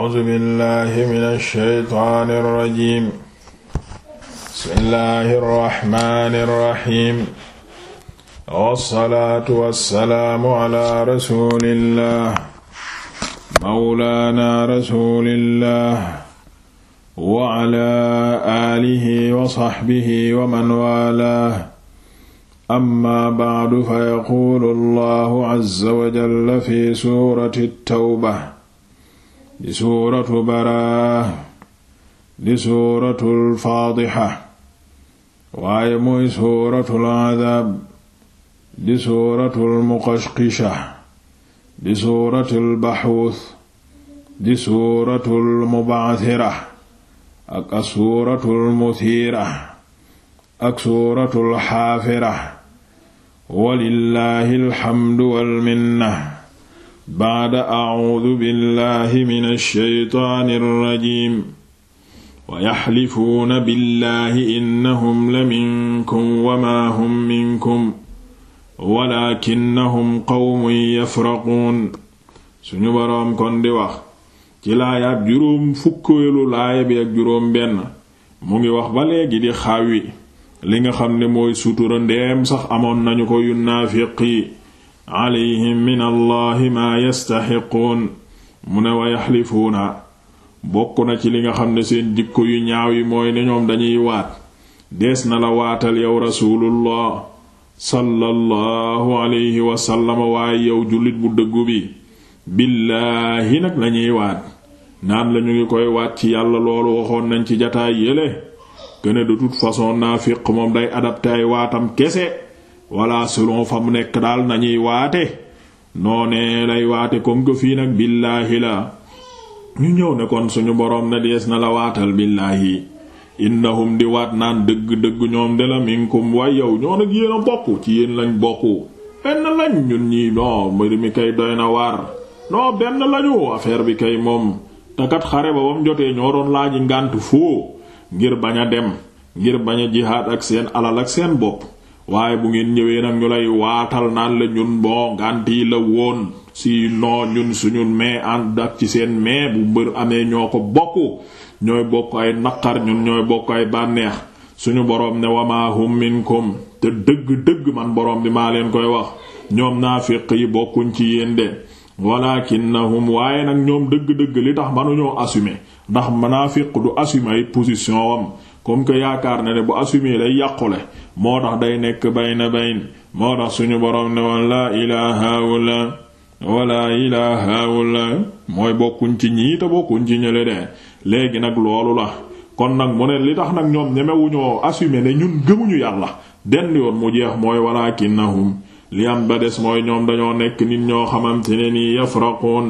A'uuzu billaahi mina shaytaani rajiim. Bismillaahi rahmaani rahiim. Wassalaatu wassalaamu alaa rasuulillaah. Mawlaanaa rasuulillaah. Wa alaa aalihi wa sahbihi wa man waalaah. Ammaa ba'du fa yaquulu Allaahu azza wa jalla fi suurati at-Tawba. di suuratu baraa di suuratul faadixa waaye mooy suuratul adaab di suuratul muqashqisha di suuratul baxuus di suuratul mubaasira ak asuuratul muthiira ak suuratul xaafira walillaahi alxamdu walminna baada acuudu billahi min alsheytaani alrajim wa yaxlifuuna billahi innahum la minkum wa maa hum minkum walaakinnahum qawmun yafraquun suñu boroom kon di wax ci laaya ab juróom fukkeelu laaya bi ak juróom benn mu ngi wax ba léegi di xaawi li nga xam ne mooy sutura ndeem sax amoon nañu ko yu naafiq yi alayhim min allahi maa yastaxiquun mu ne wa yaxlifuuna bokk na ci li nga xam ne seen jikko yu ñaaw yi mooy ne ñoom dañuy waat dees na la waatal yow rasuulullah sallallahu alayhi wasallama waaye yow jullit bu dëggu bi billaahi nag lañuy waat naan lañu ngi koy waat ci yàlla loolu waxoon nañ ci jataay yéle këne de toute façon naafiq moom day adapté ay waatam kese walla selon fa mu nekk daal nañuy waate noonee lay waate comme que fii nag billaahi la ñu ñëw ne kon suñu boroom na dees na la waatal billaahi innahum di waat naan dëgg-dëgg ñoom de la minkum waay yow ñoo nag yéen bokk ci yéen lañ bokk benn lañ ñun ñii non mbir mi kay doy na waar non benn lañu affaire bi kay moom takat xare ba bam jotee ñoo doon laaji ngànt foo ngir bañ a dem ngir bañ a jihaad ak seen alal ak seen bopp waaye bu ngeen ñëwee nag ñu lay waatal naan la ñun boo ganti la woon si non ñun suñu mais ànd ak ci seen mais bu mbër amee ñoo ko bokk ñooy bokk ay naqar ñun ñooy bokk ay bànneex suñu boroom ne wama hum minkum te dëgg-dëgg man boroom bi maa leen koy wax ñoom naafiq yi bokkuñ ci yéen de walakinnahum waaye nag ñoom dëgg-dëgg li tax manuñoo assumer ndax naafiq du assumer ay position am comme que yaakaar na ne bu assumé lay yàqule moo tax day nekk bayna bayn moo tax suñu boroom ne woon laa ilaha illa wala ilaha illa mooy bokkuñ ci ñiita te bokkuñ ci ñële de léegi nag loolu la kon nag mu ne li tax nag ñoom ñemewuñoo assumé ne ñun gëmuñu yàlla denn yoon mu jeex mooy walaakinnahum li am ba des mooy ñoom dañoo nekk nit ñoo xamante ne nii yafraquun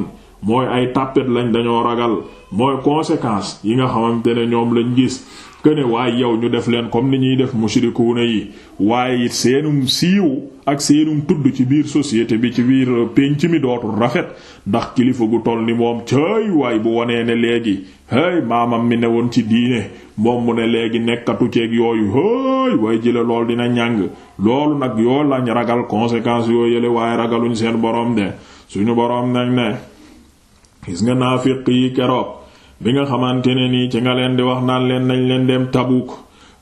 mooy ay tàppet lañ dañoo ragal mooy conséquence yi nga xamante ne ñoom lañ gis këne waaye yow ñu def leen comme ni ñuy def mushrikuuna yi waaye it seenum siiw ak seenum tudd ci biir société bi ci biir pénc mi dootul rafet ndax kilifa gu toll ni moom cëy waay bu wonee ne léegi hey maamam mi ne woon ci diine moom mu ne léegi nekkatu ceeg yooyu hëy way jële lool dina ñàng loolu nag yoo lañ ragal conséquence yoo yële waaye ragaluñ seen borom de suñu borom nañ gis nga naafiq yi keroog bi nga xamante ne nii ci nga leen di wax naan leen nañ leen dem Tabuk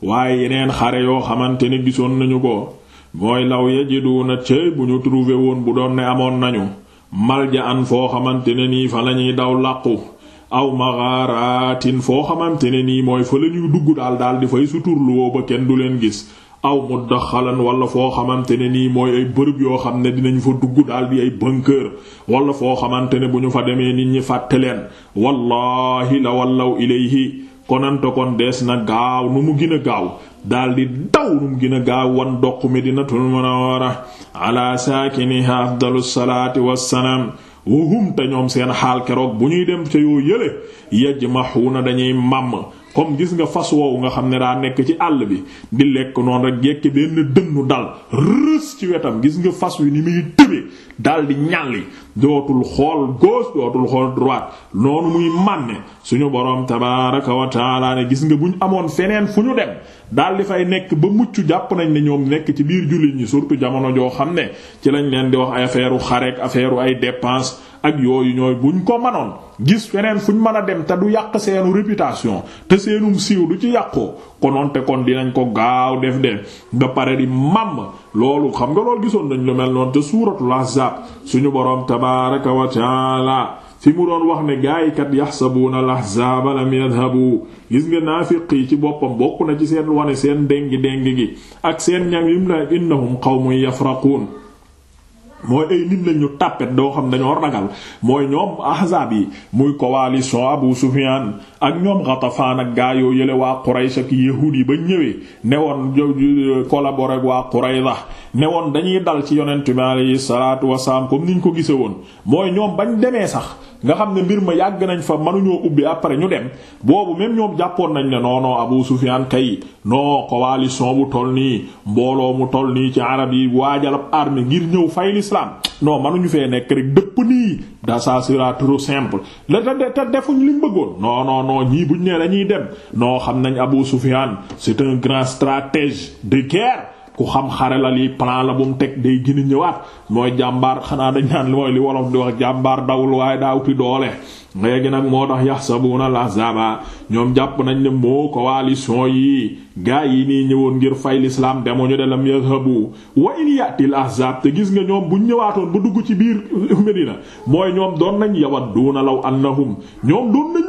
waaye yeneen xare yoo xamante ne gisoon nañu ko mooy law na cëy bu ñu trouvé woon bu doon ne amoon nañu malja an foo xamante ne nii fa lañuy daw làqu aw maxaaraatin foo xamante ne nii mooy fa lañuy dugg daal daal di fay suturluwoo ba kenn du leen gis aw muddaxalan walla foo xamante ne nii mooy ay bërëb yoo xam ne dinañ fa dugg daal di ay bunker wala foo xamante ne bu ñu fa demee nit ñi fàtte leen wallaahi la wallaw ilayhi konante kon dees na gaaw nu mu gën a gaaw daal di daw nu mu gën a gaaw wan doq Medinatul Munawwara ala saakiniha afdalu salaati wassalaam wahum te ñoom seen xaal keroog bu ñuy dem ca yoo yële na dañuy màmm comme gis nga fas woowu nga xam ne daa nekk ci àll bi di lekk noonu rek yekk benn dënnu dal rës ci wetam gis nga fas wi ni muy tëbee dal di ñàlli dootul xool gauche dootul xool droite noonu muy mànne suñu boroom tabaaraka wa taala ne gis nga bu ñu amoon feneen fu ñu dem daal di fay nekk ba mucc jàpp nañ ne ñoom nekk ci biir jullit ñi surtout jamono joo xam ne ci lañ leen di wax ay affaire xareek affaire ay dépense ak yooyu ñooy bu ñu ko manoon gis feneen fuñ mën a dem te du yàq seenu réputation te seenum siiw du ci yàqoo konoon te kon dinañ ko gaaw def de ba pare di màmm loolu xam nga loolu gisoon dañu lu mel noon te suuratul ahzaab suñu boroom tabaaraka wa taala fi mu doon wax ne gaaykat yaxsabuuna al-ahzaaba lam yadhabu gis nga naafiq yi ci boppam bokk na ci seen wane seen déngi déng gi ak seen ñam yim la innahum qawmun yafraquun mooy ay nit lañ ñu tàppet doo xam dañoo ragal mooy ñoom ahzaab yi muy coalition Abu Sufyaan ak ñoom Ghatafaan ak gaa yële waa Quraysh ak yahuud yi ba ñëwee newoon collaborer ak waa Qurayza ne woon dañuy dal ci yonent bi alayhi salaatu wasalaam comme ñu ko gise woon mooy ñoom bañ demee sax nga xam ne mbir ma yàgg nañ fa mënuñoo ubbi après ñu dem boobu même ñoom jàppoon nañ ne non non Abu Sufyan kay non coalition bu toll nii mbooloo mu toll nii ci arab yi waajalab armée ngir ñëw fay l'islam non mënuñu fee nekk rek dëpp nii da ça sera trop simple la te te defuñ liñ bëggoon non non non ñii buñ nee dañuy dem non xam nañ Abu Sufyan c'est un grand de guerre ku xam xare la lii plan la bu mu teg day gën a ñëwaat mooy jàmbaar xanaa dañ naan mooy li wolof di wax jàmbaar dawul waaye daa wuti doole léegi nag moo tax na lazaba ñoom jàpp nañ ne moo coalition yi gaa yi nii ñëwoon ngir fay l'islam demuñu de lam yazhabu wa in yatil ahzab te gis nga ñoom buñ ñëwaatoon bu dugg ci biir Medina mooy ñoom doon nañ yawadduuna law annahum ñoom doon nañ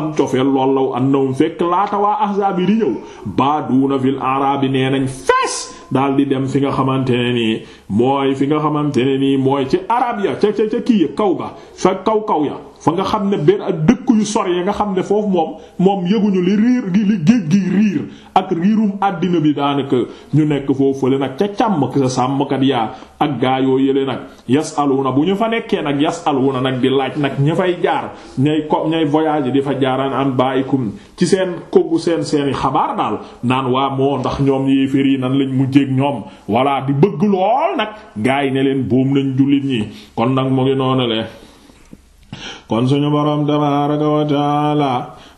am cofeel lool law annahum fekk laata waa ahzaab di ñëw baaduuna fil a'raab nee nañ fees daal di dem fi nga xamante ne nii mooy fi nga xamante ne nii mooy ci arab ya ca ca kii ya kaw ga fa kaw kaw ya fa nga xam ne benn dëkk yu sor yi nga xam ne foofu moom moom yëguñu li riir gi li géej gi riir ak riirum àddina bi daanaka ñu nekk foofu fële nag ca càmm sa sàmmkat yaa ak gaa yoo yële nag yas alu na bu ñu fa nekkee nag yas alu na nag di laaj nag ña fay jaar ñay ko ñay voyage di fa jaaraan an bàyyikum ci seen kogu seen seeni xabaar daal naan waa moo ndax ñoom yéeféer yi nan lañ mujjéeg ñoom voilà di bëgg lool nag gaa yi ne leen buum lañ jullit ñi kon nag mu ngi kon suñu boroom tabaaraka wa taala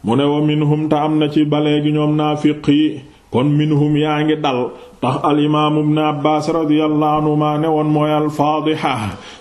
mu ne wa minhum ta am na ci balee gi ñoom naafiq yi kon minhum yaa ngi dal ndax al imaam ibn Abbaas radiyallahu anhuma ne woon mooy alfaadiha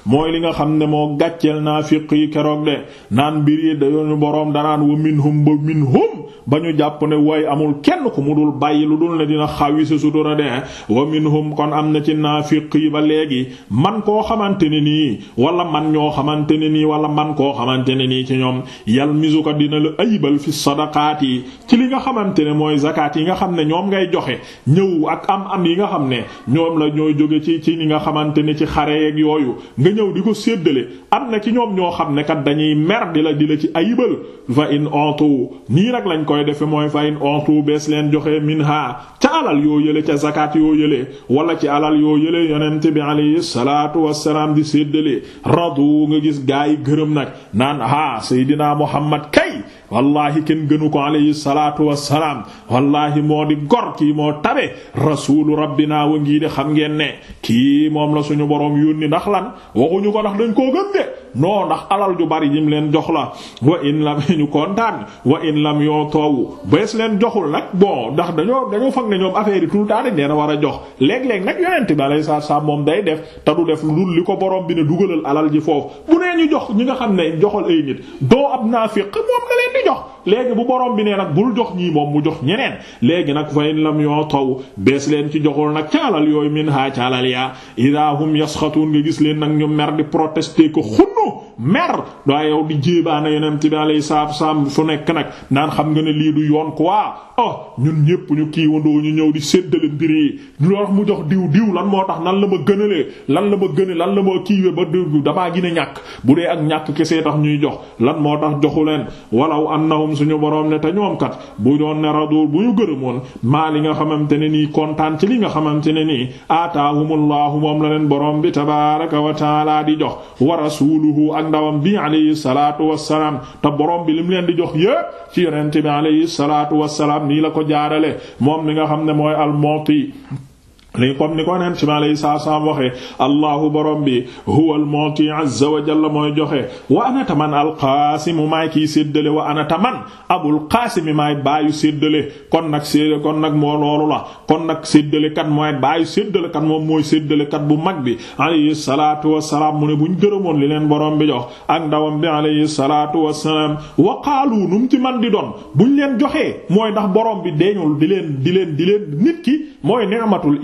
mooy li nga xam ne moo gàcceel naafiq yi keroog de naan mbir yi dañu boroom danaan wa minhum ba minhum ba ñu jàpp ne way amul kenn ku mu dul bàyyi lu dul ne dina xawi sa sutura de wa minhum kon am na ci naafiq yi ba léegi man koo xamante ne nii wala man ñoo xamante ne nii wala man koo xamante ne nii ci ñoom yalmizuka dina la ayibal fi sadaqaat yi ci li nga xamante ne mooy zakaat yi nga xam ne ñoom ngay joxe ñëw ak am yi nga xam ne ñoom la ñooy jóge ci ci ñi nga xamante ni ci xare yeeg yooyu nga ñëw di ko séddale am na ci ñoom ñoo xam ne kat dañuy mer di la di la ci ayibal fa in ontu nii nag lañ koy defe mooy fa in ontu bees leen joxe minha ca alal yoo yële ca zakat yoo yële wala ci alal yoo yële yonent bi alayhi salaatu wassalaam di séddale radu nga gis gaa yi gërëm nag naan ah Seydina Muhammad kay wallahi kenn gënu ko alayhi salaatu wassalaam wallahi moo di gor kii moo tabe rasuulu rabbinaa wa ngii de xam ngeen ne kii moom la suñu boroom yónni ndax lan waxuñu ko ndax dañ ko gëm de non ndax alal ju bari yim leen jox la wa in lam ñu kontaan wa in lam yoo toowu bees leen joxul nag bon ndax dañoo dañoo fag ne ñoom affaire yi tout le temps dañ a war a jox léeg-léeg nag yonent bi alayhi salaatu wassalaam moom day def te du def lu dul li ko boroom bi ne dugalal alal ji foofu bu nee ñu jox ñi nga xam ne joxal ay doo ab naafiq moom jox léegi bu borom bi nee nag bul jox ñii moom mu jox ñeneen léegi nag fa in lam yoo taw bees leen ci joxul nag caalal yooyu min ha caalal yaa idaahum yasxatun nga gis leen nag ñu mer di protester ko xunnu mer daa yow di jéebaana yonent bi alayhi salaatu salaam fu nekk nag naan xam nga ne lii du yoon waa oh ñun ñépp ñu kiiwandoo ñu ñëw di séddale mbir yi ñu wax mu jox diw diw lan moo tax nan la ma gënalee lan la ma gëne lan la ma kiiwe ba damaa gën a ñàkk bu dee ak ñàkk kese tax ñuy jox lan moo tax joxu leen walaw annahum suñu boroom ne te ñoom kat bu doon ne radu bu ñu gërëmoon maa li nga xamante ne nii kontaan ci li nga xamante ne nii aataahumullahu moom la leen boroom bi tabaraka wa taala di jox wa rasuluhu ak ndawam bi alayhi wa wassalaam te boroom bi lim leen di jox yépp ci yonente bi alayhi wa wassalaam nii la ko jaarale moom mi nga xam ne mooy al-Mu'ti li comme ni ko neen ci ma lay saa saam waxee allahu borom bi huwa al wa jalla mooy joxe wa anata man alqaasimu maay kiy séddale wa anata man abul qaasimi maay baayu séddale kon nag séddale kon nag moo loolu la kon nag séddale kat mooy baayu séddale kat moom mooy séddale kat bu mag bi alayhi salaatu wassalaam mu ne buñ gërëmoon li leen borom bi jox ak ndawam bi alayhi salaatu wassalaam wa ci man di doon buñ leen joxee mooy ndax borom bi deeñul di leen di leen di leen nit ki mooy ni'matul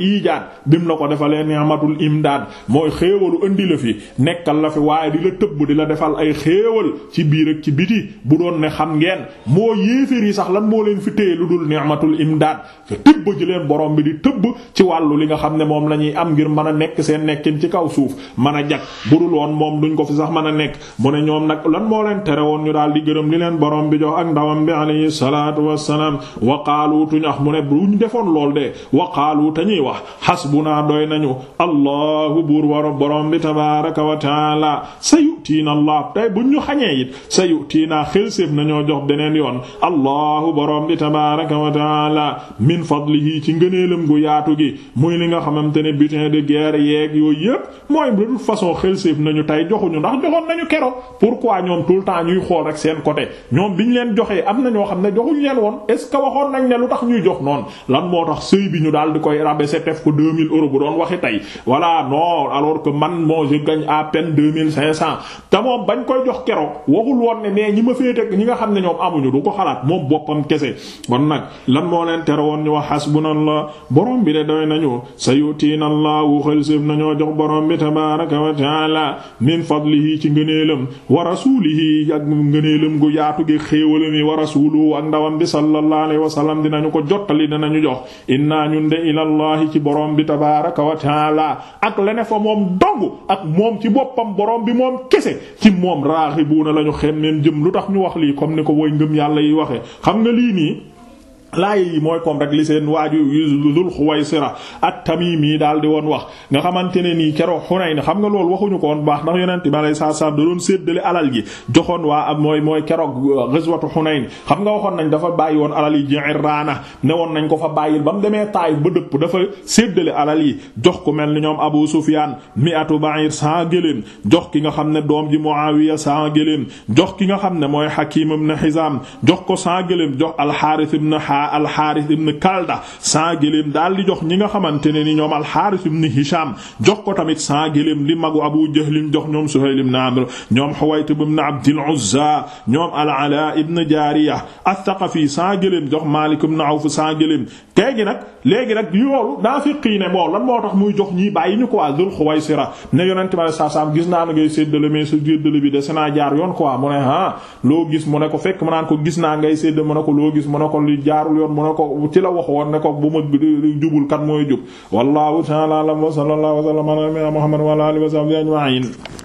bi mu la ko defalee ni'matul imdaad mooy xéewalu indi la fi nekkal la fi waaye di la tëbb di la defal ay xéewal ci biir ak ci biti bu doon ne xam ngeen moo yéeféer yi sax lan moo leen fi téye lu dul ni'matul imdaad te tëbb ji leen borom bi di tëbb ci wàllu li nga xam ne moom la ñuy am ngir mën a nekk seen nekkin ci kaw suuf mën a jag bu dul woon moom duñ ko fi sax mën a nekk mu ne ñoom nag lan moo leen tere woon ñu daal di gërëm li leen borom bi jox ak ndawam bi alayhi salaatu wassalaam waqaaluutuñ wax mu ne defoon lool xasbunaa doy nañu allahu buur waro borom bi tabaraka wa taala sa yutiina allah tay buñ ñu xañee it sa yutiinaa xelséef nañoo jox beneen yoon allahu borom bi tabaraka wa taala min fadlihi ci ngëneelam gu yaatu gi muy li nga xamante ne butin de guerre yeeg yooyu yépp mooy de toute façon xelséef nañu tay joxuñu ndax joxoon nañu kero pourquoi ñoom tout le temps ñuy xool rek seen côté ñoom biñ leen joxee am na ñoo xam ne joxuñ leen woon est ce que waxoon nañ ne lu tax ñuy jox noonu def ko 2000 euros bu doon waxi tey voilà non alors que man moo je gagne te moom bañ koy jox keroog waxul woon ne mais ñi ma féete ak ñi nga xam ne ñoom amuñu du ko xalaat moom boppam kese kon nag lan moo leen tere woon ñu wax hasbunallah borom bi de doy nañu sa sayutina allahu xëlséef nañoo jox borom bi tabaraka wa taala min fadlihi ci ngëneelam wa rasulihi ak ngëneelam gu yaatu gi xéewala mi wa rasuluhu ak ndawam bi sallallahu alayhi wa sallam dinañu ko jottali dinañu jox inna ñun de ilallahi ci borom bi tabaaraka wa taala ak lene fa moom dong ak moom ci boppam boroom bi moom kese ci moom raaxibuuna lañu xem neen jëm lu tax ñu wax lii comme ni ko woy ngëm yàlla yi waxe xam nga lii nii laay yi mooy comme rek li seen waaju Zul Xuwaysira at mii daal di woon wax nga xamante ne nii keroog Xunayn xam nga loolu waxuñu ko woon baax ndax yonent bi alayhi salaam da doon séddale alal ji joxoon waa am mooy mooy keroog euh, ghazwatu Xunayn xam nga waxoon nañ dafa bàyyi woon alal yi Ji'irraana ne woon nañ ko fa bàyyil ba mu demee Taayif ba dëpp dafa séddale alal yi jox ko mel ni ñoom Abu Sufyaan mi'atu ba'ir saa gëléem jox ki nga xam ne doom ji Muawiya saa gëléem jox ki nga xam ne mooy Hakiim ibn Hizaam jox ko saa gëléem jox al-Haaris ibn Mawlana Alxaaris ibn Kalda cent gëléem daal di jox ñi nga xamante ne ni ñoom Alxaaris ibn Hisham jox ko tamit cent gëléem li magu Abu Jahl jox ñoom Suhayl ibn Amr ñoom Huwaytib ibn Abdil Uzza ñoom Al-Ala ibn Jaariya Ath-Thaqafi cent gëléem jox Maalik ibn Awf cent léegi nag léegi nag yoolu daa fi qii ne bon moo tax muy jox ñii bàyyi ñu quoi Dul Xuwaysira ne yonente ma saa saam gis naa la ngay séddale mais sa séddale bi de senaa jaar yoon quoi mu ne ah loo gis mu ne ko fekk mu naan ko gis naa ngay séddale mu ne ko loo gis mu ne ko li jaar jaarul yoon mu ne ko ci la wax woon ne ko bu ma jubul kat mooy jub wallahu ta'ala wa sallallahu wa sallama ala muhammad wa ala alihi wa sahbihi ajma'in